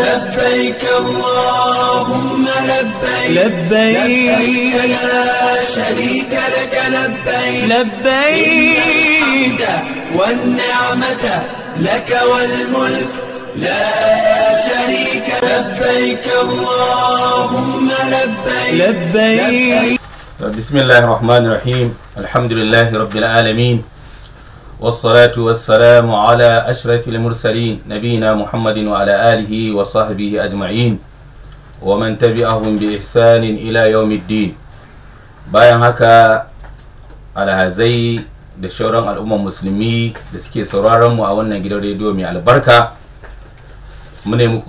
لبيك اللهم لبيك لبيك لا شريك لك لبيك لبيك والنعمة لك والملك لا شريك لبيك اللهم لبيك لبيك بسم الله الرحمن الرحيم الحمد لله رب العالمين والصلاة والسلام على أشرف المرسلين نبينا محمد وعلى آله وصحبه أجمعين ومن تبعهم بإحسان إلى يوم الدين bayan haka alhazai da shauran al'ummar musulmi da suke sauraron mu a wannan gidan rediyo mai albarka muna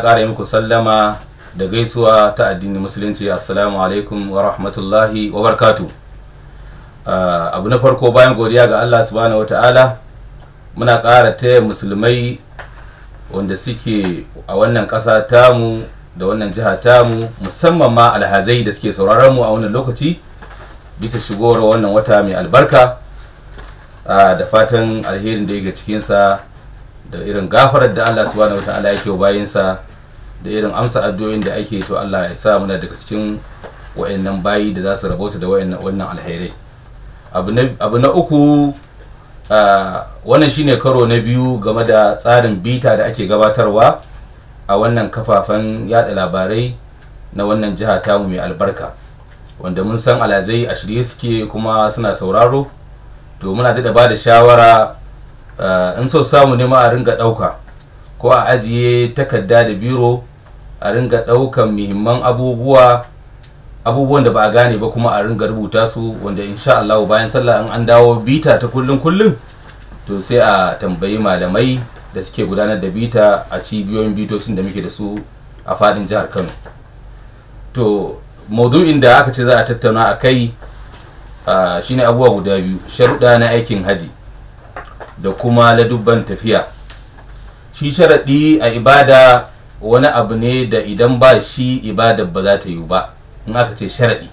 ƙara muku sallama da gaisuwa ta addinin musulunci assalamu alaikum wa rahmatullahi wa barkatu Ah, abu na farko bayan godiya ga allah subhanahu wa ta'ala muna ƙara taya musulmai wanda suke a wannan ƙasa tamu da wannan jiha tamu musamman ma alhazai da suke sauraron mu a wannan lokaci bisa shigowar wannan wata mai albarka ah, da fatan alherin da yake cikinsa da irin gafarar da allah subhanahu wa ta'ala yake bayinsa, da irin amsa addu'o'in da ake to allah ya sa muna daga cikin wa'annan bayi da za su rabauta da wannan alherai abu na uku wannan shine karo na biyu game da tsarin bita da ake gabatarwa a wannan kafafen yada labarai na wannan jiha tamu mai albarka wanda mun san alazai a shirye suke kuma suna sauraro to muna daɗa ba da shawara in so samu nema a ringa ɗauka ko a ajiye takarda da biro a ringa ɗaukan muhimman abubuwa abubuwan da ba a gane ba kuma a ringa rubuta su wanda insha Allah bayan sallah an dawo bita ta kullun kullun to sai a tambayi malamai da suke gudanar da bita a cibiyoyin bitocin da muke da su a fadin jihar Kano to maudu'in da aka ce za a tattauna a kai shine abubuwa guda biyu sharuɗa na aikin haji da kuma ladubban tafiya shi sharaɗi a ibada wani abu ne da idan ba shi ibada ba za ta yiwu ba in aka ce sharaɗi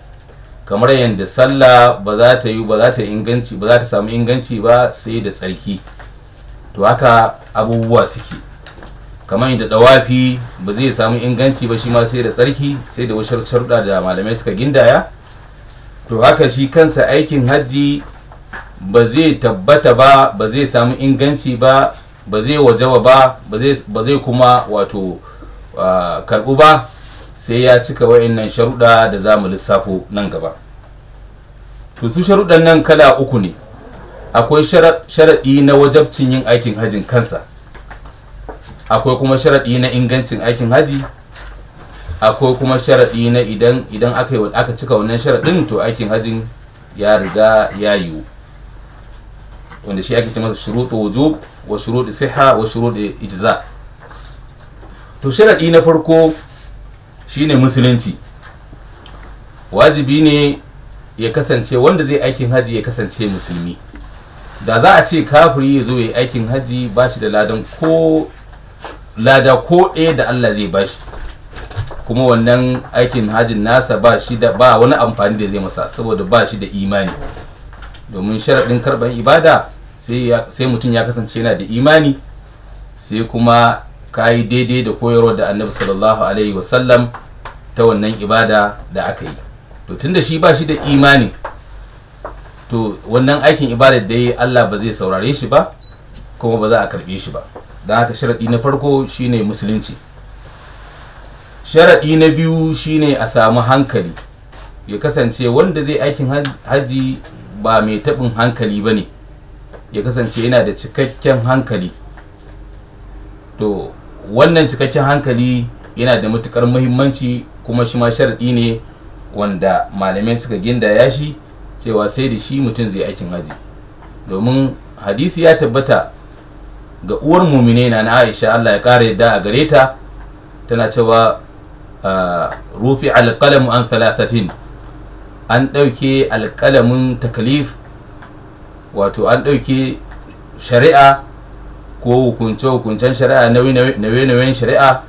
kamar yadda sallah ba za ta yi ba za ta inganci ba za ta samu inganci ba sai da tsarki to haka abubuwa suke kamar yadda dawafi ba zai samu inganci ba shi ma sai da tsarki sai da wasu sharuɗa da malamai suka gindaya to haka shi kansa aikin hajji ba zai tabbata ba ba zai samu inganci ba ba zai wajaba ba ba zai kuma wato ah, karɓu ba sai ya cika wa'annan sharuɗa da za mu lissafo nan gaba to su sharuɗan nan kala uku ne akwai sharaɗi na wajabcin yin aikin hajin kansa akwai kuma sharaɗi na ingancin aikin haji akwai kuma sharaɗi na idan idan aka cika wannan sharaɗin to aikin hajin ya riga ya yiwu wanda shi ake ce masa ta wujo wa shuruɗi siha wa shuruɗi ijza to sharaɗi na farko shine musulunci wajibi ne ya kasance wanda zai aikin haji ya kasance musulmi da za a ce kafiri ya zo ya aikin haji ba shi da ladan ko lada ko ɗaya da Allah zai bashi kuma wannan aikin hajin nasa ba shi da ba wani amfani da zai masa saboda ba shi da imani domin sharaɗin karɓar ibada sai mutum ya kasance yana da imani sai kuma ka yi daidai da koyarwa da annabi sallallahu alaihi wasallam ta wannan ibada da aka yi to tunda shi ba shi da imani to wannan aikin ibada da yi Allah ba zai saurare shi ba kuma ba za a karbe shi ba don haka sharaɗi na farko shine musulunci sharaɗi na biyu shine a samu hankali ya kasance wanda zai aikin haji ba mai taɓin hankali ba ne ya kasance yana da cikakken hankali to wannan cikakken hankali yana da matukar muhimmanci kuma shi ma sharadi ne wanda malamai suka gindaya shi cewa sai da shi mutum zai aikin haji domin hadisi ya tabbata ga uwar mumine na aisha allah ya kara yadda a gare ta tana cewa ah, rufi alkalamu an talatatin an ɗauke alkalamin takalif wato an ɗauke shari'a ko hukunce-hukuncen shari'a nauye-nauyen shari'a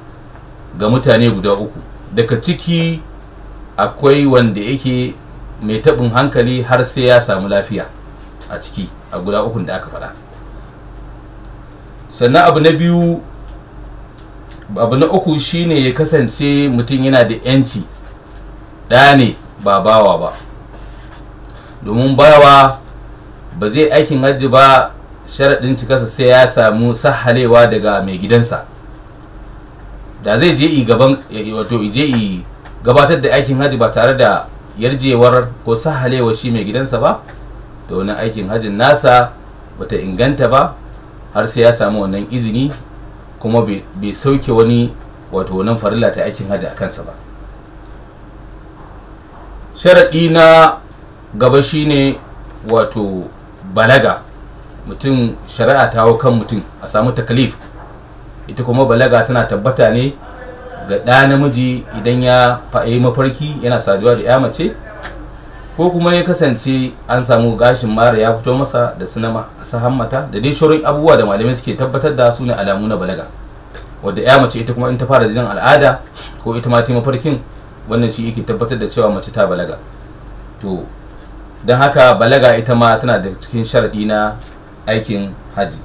ga mutane guda uku daga ciki akwai wanda yake mai taɓin hankali har sai ya samu lafiya a ciki a guda ukun da aka faɗa sannan abu na biyu abu na uku shine ya kasance mutum yana da 'yanci ɗa ne ba bawa ba domin bawa ba zai aikin hajji ba sharaɗin cikasa sai ya samu sahalewa daga mai gidansa da zai je gaban gabatar da aikin haji ba tare da yarjewar ko sahalewa shi mai gidansa ba da wani aikin hajin nasa bata inganta ba har sai ya samu wannan izini kuma bai sauke wani wato wannan farilla ta aikin haji a kansa ba sharaɗi na gaba shine wato balaga mutum shari'a ta hau kan mutum a samu takalif ita kuma balaga tana tabbata ne ga ɗa namiji idan ya fa'ayi mafarki yana saduwa da ya mace ko kuma ya kasance an samu gashin mara ya fito masa da sinama a hammata da dai shorin abubuwa da malamai suke tabbatar da su ne alamu na balaga wadda ya mace ita kuma in ta fara jinin al'ada ko ita ma ta mafarkin wannan shi yake tabbatar da cewa mace ta balaga to don haka balaga ita ma tana da cikin sharaɗi na aikin haji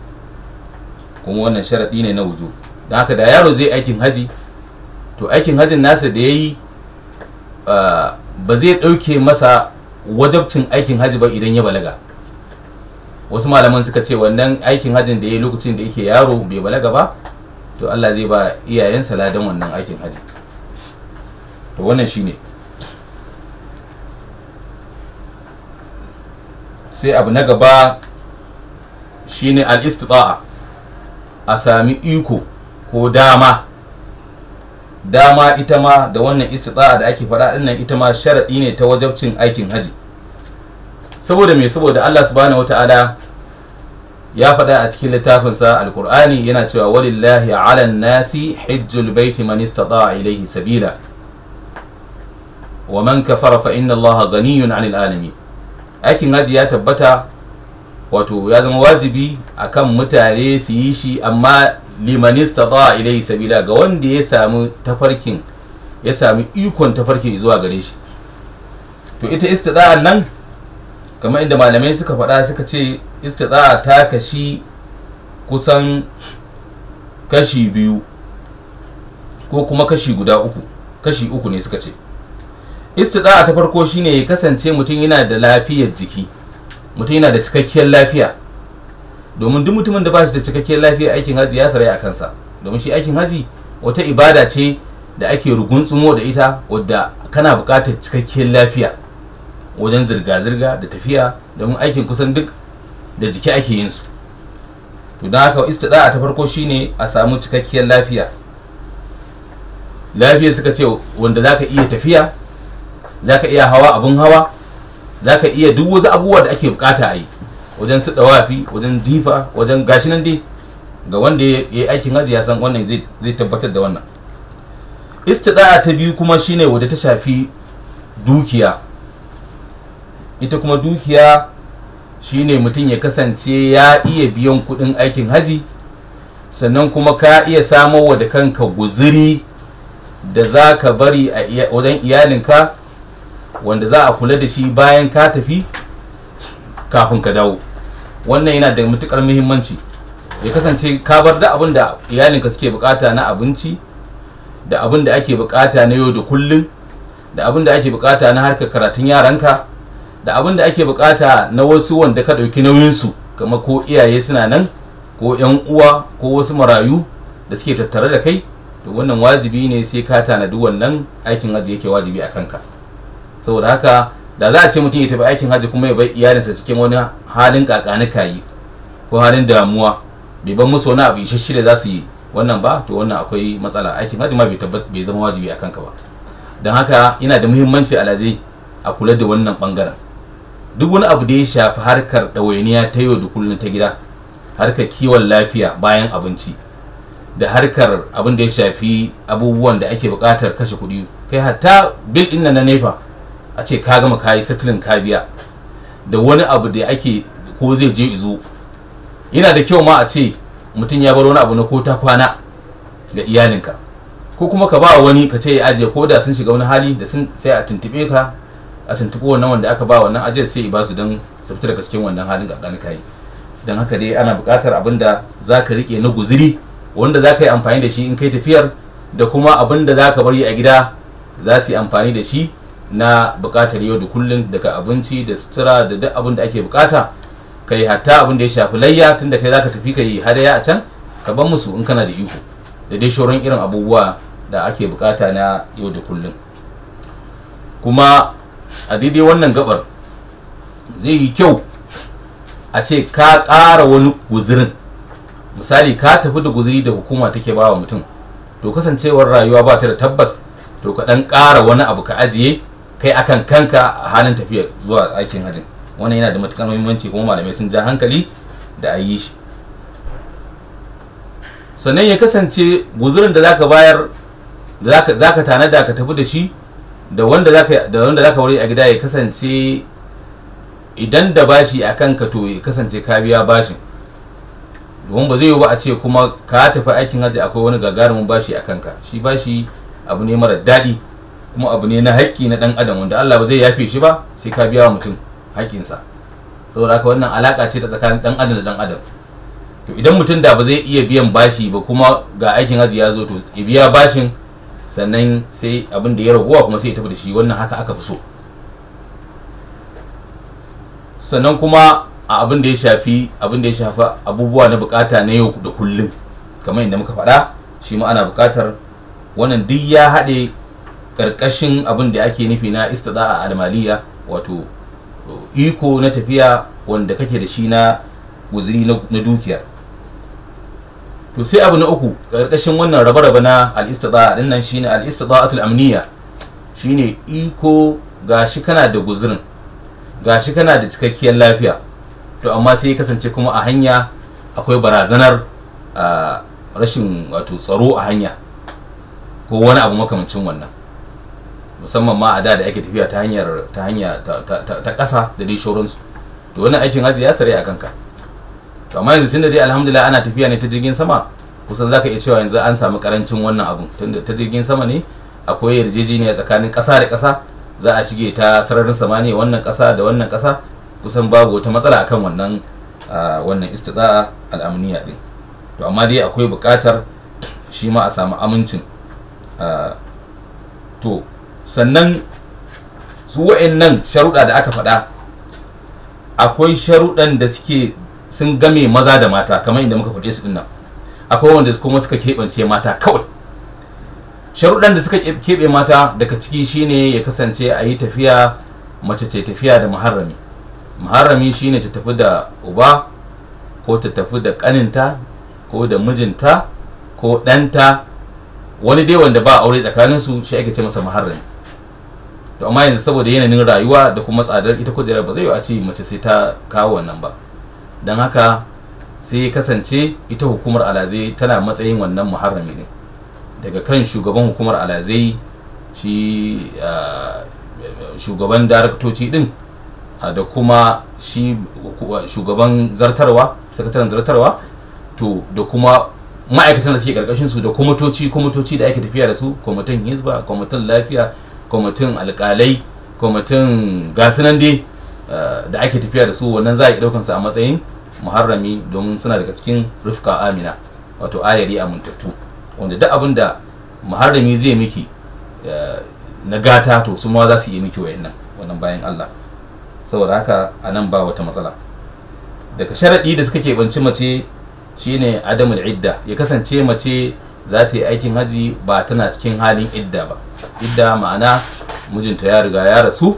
kuma wannan sharaɗi ne na wujo don haka da yaro zai aikin haji to aikin hajin nasa da ya yi ba zai ɗauke masa wajabcin aikin haji ba idan ya balaga wasu malaman suka ce wannan aikin hajin da ya yi lokacin da yake yaro bai balaga ba to allah zai ba iyayensa ladan wannan aikin haji to wannan shi ne. sai abu na gaba shine al-istita'a a sami iko ko dama dama ita ma da wannan istifa da ake faɗa dinnan ita ma sharaɗi ne ta wajabcin aikin haji saboda me saboda Allah subhanahu wataala ya faɗa a cikin littafinsa alkur'ani yana cewa walillahi ala nasi hijjul baiti man istata'a ilayhi sabila wa man kafara fa inna allaha ghaniyun 'anil alamin aikin haji ya tabbata wato ya zama wajibi a kan mutane su yi shi amma limanista ta ilai sabila ga wanda ya samu tafarkin ya sami ikon tafarkin zuwa gare shi to ita istida'an nan kamar inda malamai suka faɗa suka ce istida'a ta kashi kusan kashi biyu ko kuma kashi guda uku kashi uku ne suka ce istida'a ta farko shine ya kasance mutum yana da lafiyar jiki mutum yana da cikakkiyar lafiya domin duk mutumin da ba shi da cikakkiyar lafiya aikin haji ya sarai a kansa domin shi aikin haji wata ibada ce da ake rugunsumo da ita wadda kana buƙatar cikakkiyar lafiya wajen zirga-zirga da tafiya domin aikin kusan duk da jiki ake yin su to don haka istida'a ta farko shi ne a samu cikakkiyar lafiya lafiya suka ce wanda zaka iya tafiya zaka iya hawa abun hawa za ka iya duk wasu abubuwa da ake bukata a yi wajen su dawafi wajen jifa wajen gashi nan dai ga wanda ya yi aikin hajji ya san wannan zai tabbatar da wannan istida'a ta biyu kuma shine wadda ta shafi dukiya ita kuma dukiya shine mutum ya kasance ya iya biyan kudin aikin haji sannan kuma ka iya samo wa da kanka guziri da za ka bari a wajen iyalinka wanda za a kula da shi bayan ka tafi kafin ka dawo wannan yana da matukar muhimmanci ya kasance ka bar da abin da iyalinka suke bukata na abinci da abin da ake bukata na yau da kullum da abin da ake bukata na harkar karatun yaranka da abin da ake bukata na wasu wanda ka ɗauki nauyinsu kamar ko iyaye suna nan ko 'yan uwa ko wasu marayu da suke tattare da kai to wannan wajibi ne sai ka tanadi wannan aikin da yake wajibi a kanka saboda haka da za a ce mutum ya tafi aikin hajji kuma ya bar iyalinsa cikin wani halin kakanika yi ko halin damuwa bai ban musu wani abu isasshe da za su yi wannan ba to wannan akwai matsala aikin hajji ma bai tabbat bai zama wajibi akan ka ba don haka yana da muhimmanci alaze a kula da wannan bangaren duk wani abu da ya shafi harkar ɗawainiya ta yau da kullum ta gida harkar kiwon lafiya bayan abinci da harkar abin da ya shafi abubuwan da ake buƙatar kashe kuɗi kai hatta bil ɗin na nefa a ce ka gama kayi settling ka biya da wani abu da ake ko zai je izo yana da kyau ma a ce mutum ya bar wani abu na ko ta kwana ga iyalinka ko kuma ka ba wani ka ce ya ajiye ko da sun shiga wani hali da sun sai a tuntube ka a tuntuɓi wannan wanda aka ba wannan ajiyar sai ba su don su fita daga cikin wannan halin ka yi don haka dai ana buƙatar abin da za ka riƙe na guziri wanda za ka yi amfani da shi in kai tafiyar da kuma abin da za ka bari a gida za su yi amfani da shi na bukatar yau da kullun daga abinci da sutura da duk abin da ake bukata kai hatta abin da ya shafi layya tun da kai zaka tafi yi hadaya a can ka ban musu in kana da iko da dai shoron irin abubuwa da ake bukata na yau da kullun. kuma a daidai wannan gabar zai yi kyau a ce ka ƙara wani guzirin misali ka tafi da guziri da hukuma take bawa mutum to kasancewar rayuwa ba ta da tabbas to ka ɗan ƙara wani abu ka ajiye kai akan kanka a halin tafiya zuwa aikin hajjin wannan yana da matukar muhimmanci kuma malamai sun ja hankali da a yi shi sannan ya kasance guzurin da zaka bayar da zaka tanada ka tafi da shi da wanda zaka da wanda wuri a gida ya kasance idan da bashi a kanka to ya kasance ka biya bashin domin ba zai yi ba a ce kuma ka tafi aikin hajji akwai wani gagarumin bashi a kanka shi bashi abu ne mara daɗi kuma abu ne na haƙƙi na ɗan adam wanda Allah ba zai yafe shi ba sai ka biya wa mutum haƙƙinsa saboda haka wannan alaƙa ce ta tsakanin ɗan adam da ɗan adam to idan mutum da ba zai iya biyan bashi ba kuma ga aikin hajji ya zo to ya biya bashin sannan sai abin da ya raguwa kuma sai ya tafi da shi wannan haka aka fi so sannan kuma a abin da ya shafi abin da ya shafa abubuwa na bukata na yau da kullum kamar inda muka faɗa shi ma ana bukatar wannan duk ya haɗe karkashin abin da ake nufi na istada a almaliya wato iko na tafiya wanda kake da shi na guzuri na dukiya to sai abu na uku karkashin wannan rabe-rabe na al-istida din nan shine al tulamniya shi ne iko gashi kana da guzirin gashi kana da cikakkiyar lafiya to amma sai kasance kuma a hanya akwai barazanar ah, rashin wato tsaro a hanya ko wani abu makamancin wannan musamman ma a da da ake tafiya ta hanyar ta hanya ta ƙasa da dai su to wannan aikin hajji ya sare a kanka to amma yanzu tunda dai alhamdulillah ana tafiya ne ta jirgin sama kusan zaka iya cewa yanzu an samu karancin wannan abun tunda ta jirgin sama ne akwai yarjejeniya tsakanin ƙasa da ƙasa za a shige ta sararin samaniya wannan ƙasa da wannan ƙasa kusan babu wata matsala akan wannan wannan istida'a al'amuniya din to amma dai akwai buƙatar shi ma a samu amincin to sannan su wa'annan sharuɗa da aka faɗa akwai sharuɗan da suke sun game maza da mata kamar inda muka faɗe su dinnan akwai wanda kuma suka keɓance mata kawai sharuɗan da suka keɓe mata daga ciki shine ya kasance a yi tafiya mace ce tafiya da muharrami muharrami shine ta tafi da uba ko ta tafi da ƙaninta ko da mijinta ko ɗanta wani dai wanda ba aure tsakaninsu shi ake ce masa muharrami to amma yanzu saboda yanayin rayuwa da kuma tsadar ita kujerar ba zai yi a ce mace sai ta kawo wannan ba don haka sai ya kasance ita hukumar alazai tana matsayin wannan muharrami ne daga kan shugaban hukumar alazai shi shugaban daraktoci din da kuma shi shugaban zartarwa sakataren zartarwa to da kuma ma'aikatan da suke karkashin su da kwamitoci kwamitoci da ake tafiya da su kwamitin hizba kwamitin lafiya kwamitin alkalai kwamitin gasunan dai eh, da ake tafiya da su wannan za a yi ɗaukansa a matsayin muharrami domin suna daga cikin rufka amina wato ayari amintattu wanda duk abin da muharrami zai miki eh, na gata to su ma za su yi miki wayannan wannan bayan Allah saboda haka a nan ba wata matsala daga sharaɗi da suka ke keɓanci mace shine adamul idda ya kasance mace za ta yi aikin haji ba tana cikin halin idda ba idda ma'ana mijinta ya riga ya rasu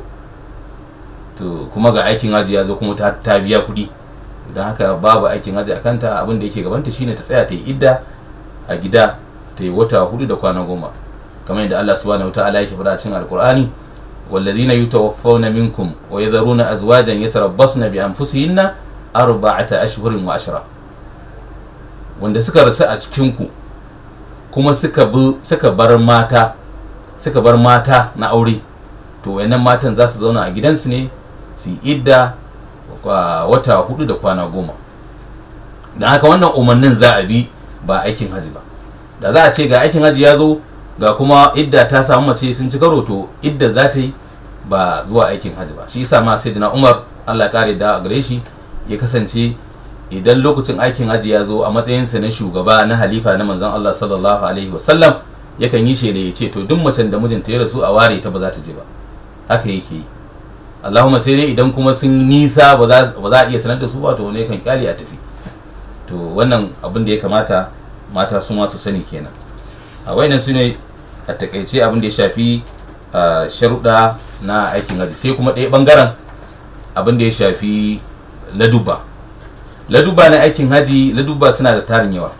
to kuma ga aikin haji ya zo kuma ta biya kuɗi don haka babu aikin haji a kanta abinda da yake gabanta shine ta tsaya ta yi idda a gida ta yi wata hudu da kwana goma kamar yadda Allah subhanahu ta'ala yake faɗa cikin alkur'ani والذين يتوفون منكم ويذرون أزواجا يتربصن بأنفسهن أربعة أشهر وعشرة wanda suka rasu a ku kuma suka bar mata suka bar mata na aure to wayannan matan za su zauna a gidansu ne su idda wata hudu da kwana goma don haka wannan umarnin za a bi ba aikin haji ba da za a ce ga aikin haji ya zo ga kuma idda ta samu mace sun ci karo to idda za ta yi ba zuwa aikin haji ba shi yasa ma sai umar allah kare da gare shi ya kasance idan lokacin aikin hajji ya zo a matsayinsa na shugaba na halifa na manzon Allah sallallahu alaihi wasallam yakan yi shela ya ce to duk macen da mijinta ya rasu a ware ta ba za ta je ba haka yake yi Allahumma sai dai idan kuma sun nisa ba za a iya sanar da su ba to wani yakan kyale a tafi to wannan abin da ya kamata mata su ma su sani kenan a wayannan su ne a takaice abin da ya shafi sharuɗa na aikin hajji sai kuma ɗaya bangaren abin da ya shafi laduba laduba na aikin haji laduba suna da tarin yawa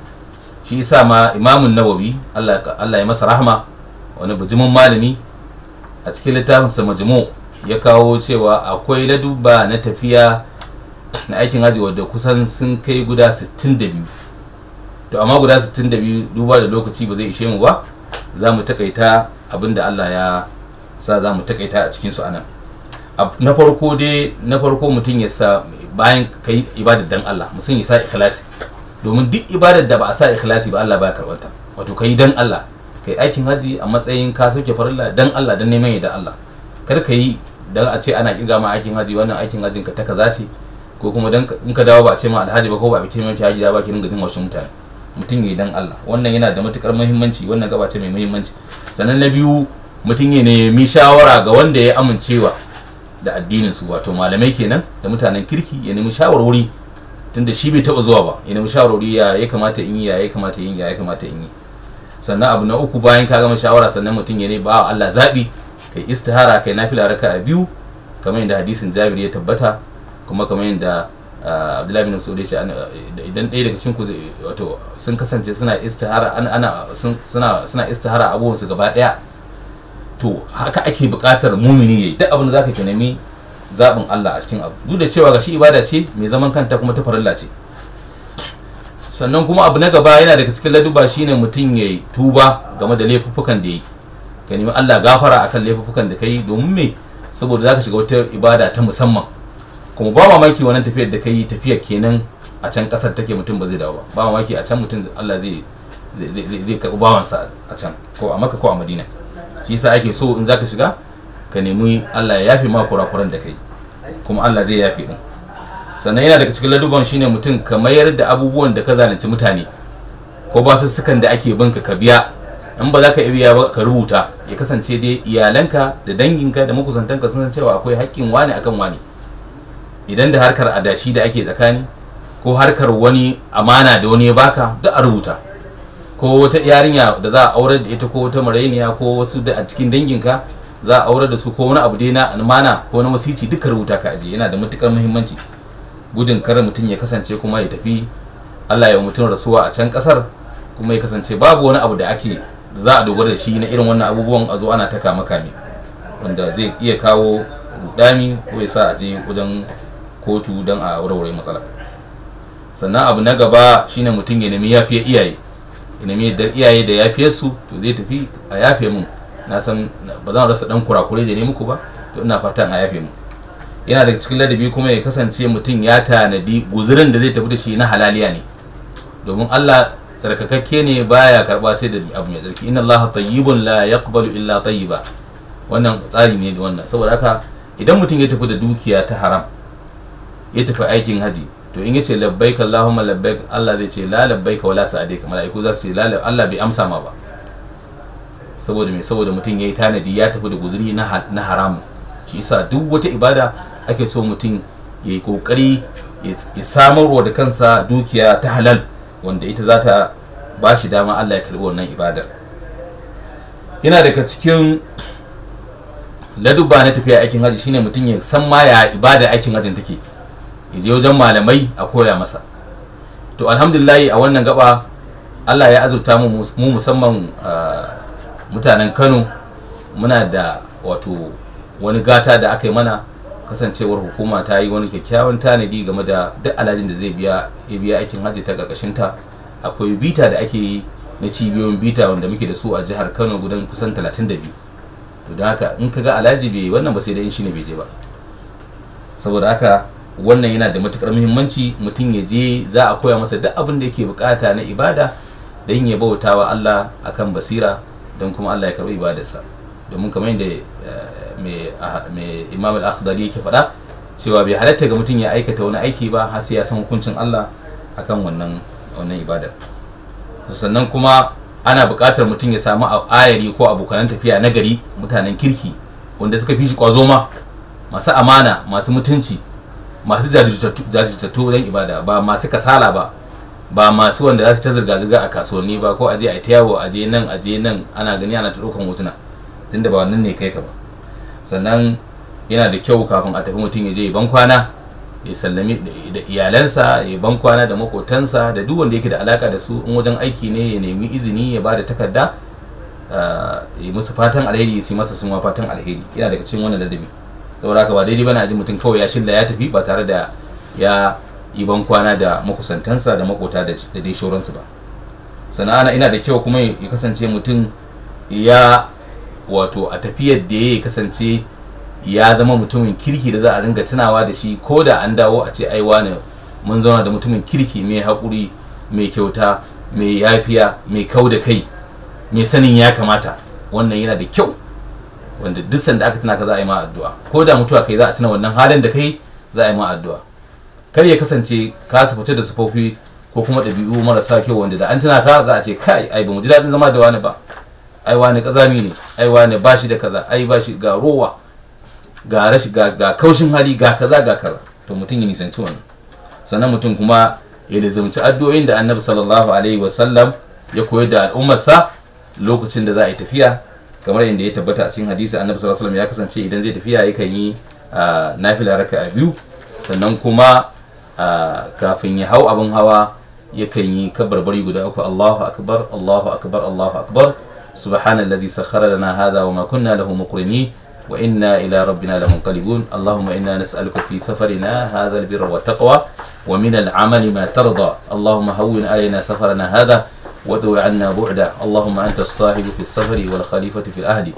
shi yasa ma imamun nawawi Allah ya masa rahama wani bujimin malami a cikin littafinsa majmu ya kawo cewa akwai laduba na tafiya na aikin haji wadda kusan sun kai guda 62 to amma guda 62 duba da lokaci ba zai ishe mu ba za mu takaita abinda Allah ya sa za mu takaita a cikinsu anan na farko dai na farko mutum ya sa bayan ka yi ibadar dan Allah mutum ya sa ikhlasi domin duk ibadar da ba a sa ikhlasi ba Allah baya karɓarta wato ka yi dan Allah ka yi aikin haji a matsayin ka sauke farilla dan Allah dan neman da Allah kar ka yi dan a ce ana kirga ma aikin haji wannan aikin hajin ka ta kaza ce ko kuma dan in ka dawo ba a ce ma alhaji ba ko ba a bikin mai haji da ba ki ringa jin wasu mutane mutum ya yi dan Allah wannan yana da matukar muhimmanci wannan gaba ce mai muhimmanci sannan na biyu mutum ya nemi shawara ga wanda ya amincewa da addinin su wato malamai kenan da mutanen kirki ya nemi shawarwari tunda shi bai taba zuwa ba ya nemi shawarwari ya ya kamata in yi ya ya kamata in yi ya ya kamata in yi sannan abu na uku bayan ka gama shawara sannan mutum ya ne ba wa Allah zaɓi kai istihara kai nafila a biyu kamar yadda hadisin Jabir ya tabbata kuma kamar yadda ah, Abdullahi bin Mas'ud ya ce idan ɗaya daga cikin ku wato sun kasance suna istihara ana suna suna istihara abubuwan su gaba ɗaya to haka ake buƙatar mumini yayi duk abin da zaka ki nemi zaɓin Allah a cikin abu duk da cewa gashi ibada ce mai zaman kanta kuma ta farilla ce sannan kuma abu na gaba yana daga cikin laduba shine mutum ya yi tuba game da laifuffukan da yi ka nemi Allah gafara akan laifuffukan da kai domin me saboda zaka shiga wata ibada ta musamman kuma ba mamaki wannan tafiyar da kai tafiya kenan a can kasar take mutum ba zai dawo ba ba mamaki a can mutum Allah zai zai zai karɓi bawansa a can ko a Makka ko a madina shi yasa ake so in zaka shiga ka nemi Allah ya yafe ma kurakuran da kai kuma Allah zai yafe din sannan yana daga cikin ladugon shine mutum ka mayar da abubuwan da ka zalunci mutane ko ba sukan da ake binka ka biya in ba za ka iya biya ba ka rubuta ya kasance dai iyalanka da danginka da makusantanka sun san cewa akwai haƙƙin wani akan wani idan da harkar adashi da ake tsakani ko harkar wani amana da wani ya baka duk a rubuta ko wata yarinya da za a aurar da ita ko wata marainiya ko wasu da a cikin danginka za a aurar da su ko wani abu dai na almana ko na wasici duka rubuta ka aje yana da matukar muhimmanci gudun kar mutum ya kasance kuma ya tafi Allah ya mutum rasuwa a can kasar kuma ya kasance babu wani abu da ake za a dogara da shi na irin wannan abubuwan a zo ana ta kame kame wanda zai iya kawo rudani ko ya sa a je wajen kotu don a warware matsala sannan abu na gaba shine mutum ya nemi yafiya iyaye mai yardar iyaye da yafiye su to zai tafi a yafe mun na san ba zan rasa dan kurakure da ne muku ba to ina fatan a yafe mun yana daga cikin ladabi kuma ya kasance mutum ya tanadi guzurin da zai tafi da shi na halaliya ne domin Allah tsarkakakke ne baya karba sai da abu mai tsarki inna Allah tayyibun la yaqbalu illa tayyiba wannan tsari ne da wannan saboda haka idan mutum ya tafi da dukiya ta haram ya tafi aikin haji to in yace labbaik Allahumma labbaik Allah zai ce la labbaik wala sa'adika mala'iku za su ce la Allah bai amsa ma ba saboda me saboda mutum yayi tanadi ya tafi da guzuri na haramu shi yasa duk wata ibada ake so mutum yayi kokari ya samarwa da kansa dukiya ta halal wanda ita za ta ba shi dama Allah ya karbi wannan ibada. yana daga cikin laduba na tafiya aikin haji shine mutum ya san ma ya ibada aikin hajin take je wajen malamai a koya masa to alhamdulillah a wannan gaba allah ya azurta mu musamman mutanen kano muna da wato wani gata da aka yi mana kasancewar hukuma ta yi wani kyakkyawan tanadi game da duk alhajin da zai biya ya biya aikin hajji ta ta akwai bita da ake yi na cibiyoyin bita wanda muke da su a jihar kano gudan kusan 32 to don haka in ka ga alhaji bai wannan ba sai da in shi ne bai je ba saboda haka wannan yana da matukar muhimmanci mutum ya je za a koya masa duk abin da yake bukata na ibada don ya bauta wa Allah akan basira don kuma Allah ya karɓi ibadarsa domin kamar yadda eh, ah, mai imam al yake faɗa cewa bai halatta ga mutum ya aikata wani aiki ba har sai ya san hukuncin Allah akan wannan wannan ibadar sannan kuma ana buƙatar mutum ya samu ayari ko abokanan tafiya na gari mutanen kirki wanda suka fi shi kwazo ma masu amana masu mutunci masu jajirtattu don ibada ba masu kasala ba ba masu wanda za su ta zirga-zirga a kasuwanni ba ko aje a ta yawo aje nan aje nan ana gani ana ta ɗaukan hotuna tunda ba wannan ne kai ka ba sannan yana da kyau kafin a tafi mutum ya je ban kwana ya sallami da iyalansa ya ban kwana da makotansa da duk wanda yake da alaka da su in wajen aiki ne ya nemi izini ya ba da takarda ah, ya musu fatan alheri ya yi masa suma fatan alheri yana daga cikin wannan ladabi saboda haka ba daidai bane a ji mutum kawai ya shilla ya tafi ba tare da ya yi ban kwana da makusantansa da makota da dai shoransu ba sana'a ina da kyau kuma ya kasance mutum ya wato a tafiyar da ya kasance ya zama mutumin kirki da za a ringa tunawa da shi ko da an dawo a ce ai wani mun zauna da mutumin kirki mai haƙuri mai kyauta mai yafiya mai kau da kai mai sanin ya kamata wannan yana da kyau wanda duk sanda aka tuna ka za a yi ma addu'a ko da mutuwa kai za a tuna wannan halin da kai za a yi ma addu'a kar ya kasance ka su fita da sufofi ko kuma ɗabi'u marasa kyau wanda da an tuna ka za a ce kai ai ba mu ji daɗin zama da wani ba ai wani kazami ne ai wani bashi da kaza ai bashi ga rowa ga rashi kaushin hali ga kaza ga kaza to mutum ya nisanci wannan sannan mutum kuma ya lizumci addu'o'in da annabi sallallahu alaihi wasallam ya koyar da sa lokacin da za a yi tafiya kamar yadda ya tabbata a cikin hadisi annabi sallallahu alaihi wasallam ya kasance idan zai tafiya yakan yi nafila raka'a biyu sannan kuma kafin ya hau abin hawa yakan yi bari guda uku Allahu akbar Allahu akbar Allahu akbar subhanallazi sakhara lana hadha wa ma kunna lahu wa inna ila rabbina lamunqalibun Allahumma inna nas'aluka fi safarina hadha albirra wa taqwa wa min al'amali ma tarda Allahumma hawwin alaina safarana hadha وادع عنا بعدا اللهم أنت الصاحب في السفر والخليفة في الأهل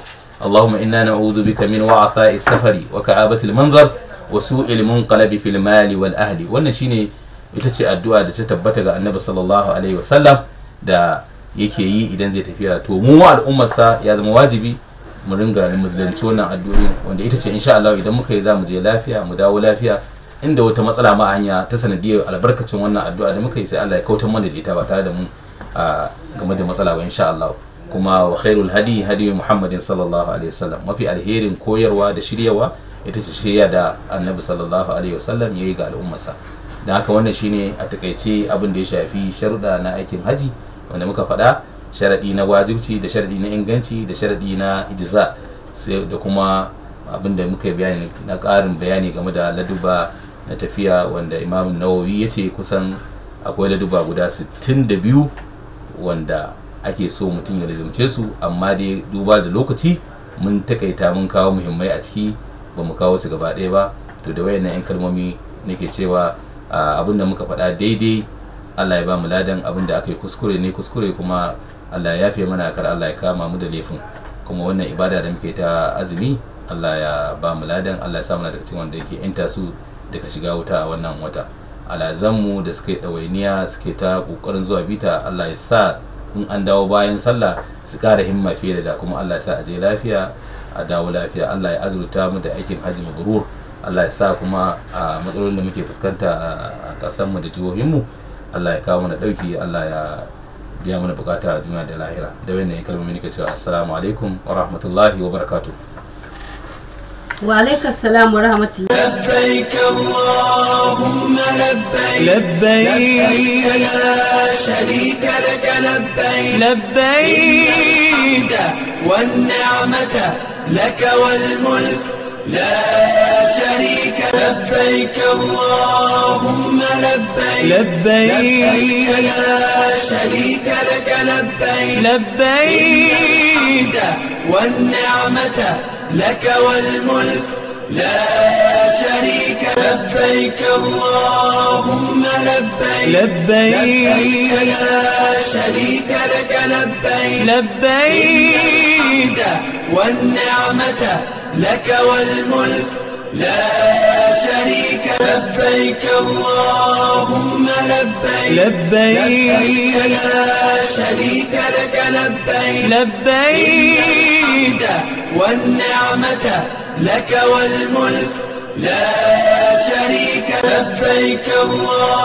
اللهم إنا نعوذ بك من وعثاء السفر وكعابة المنظر وسوء المنقلب في المال والأهل wannan shine ita ce addu'a da ta tabbata ga annabi sallallahu alaihi wasallam da yake yi idan zai tafiya to mu al'ummarsa ya zama wajibi mu ringa musulunci wannan addu'o'i wanda ita ce insha Allah idan muka yi za mu je lafiya mu dawo lafiya inda wata matsala ma hanya ta sanadiyar albarkacin wannan addu'a da muka yi sai Allah ya kautar mana da ita ba tare da mu game da matsala ba insha Allah kuma wa khairul hadi hadi Muhammadin sallallahu alaihi wasallam mafi alherin koyarwa da shiryawa ita ce shirya da Annabi sallallahu alaihi wasallam yayi ga al'ummarsa dan haka wannan shine a takaice abin da ya shafi sharuɗa na aikin haji wanda muka faɗa sharaɗi na wajibci da sharaɗi na inganci da sharaɗi na ijza sai da kuma abin da muka bayani na ƙarin bayani game da laduba na tafiya wanda imamun nawawi ya ce kusan akwai laduba guda 62 wanda ake so mutum ya rizumce su amma dai duba da lokaci mun takaita mun kawo muhimmai a ciki ba mu kawo su gaba ɗaya ba to da wayannan 'yan kalmomi nake cewa abin da muka faɗa daidai allah ya ba mu ladan abin da aka yi kuskure ne kuskure kuma allah ya fiye mana kar allah ya kama mu da laifin kuma wannan ibada da muke ta azumi allah ya ba mu ladan allah ya sa mana daga cikin wanda yake 'yanta su daga shiga wuta a wannan wata alazanmu da suka yi ɗawainiya suke ta ƙoƙarin zuwa bita allah ya sa in an dawo bayan sallah su ƙara himma fiye da da kuma allah ya sa a je lafiya a dawo lafiya allah ya azurta mu da aikin hajji mabrur allah ya sa kuma a matsalolin da muke fuskanta a mu da jihohin mu allah ya kawo mana ɗauki allah ya biya mana bukata duniya da lahira da wannan kalmomi nake cewa assalamu alaikum wa rahmatullahi wa barakatuh وعليك السلام ورحمة الله لبيك اللهم لبيك لبيك لا شريك لك لبيك لبيك والنعمة لك والملك لا شريك لبيك اللهم لبيك لبيك لا شريك لك لبيك لبيك والنعمة لك والملك لا شريك لبيك اللهم لبيك لبيك لا شريك لك لبيك لبيك والنعمة لك والملك لا شريك لبيك اللهم لبيك لبيك لا شريك لك لبيك لبيك والنعمة لك والملك لا شريك لبيك الله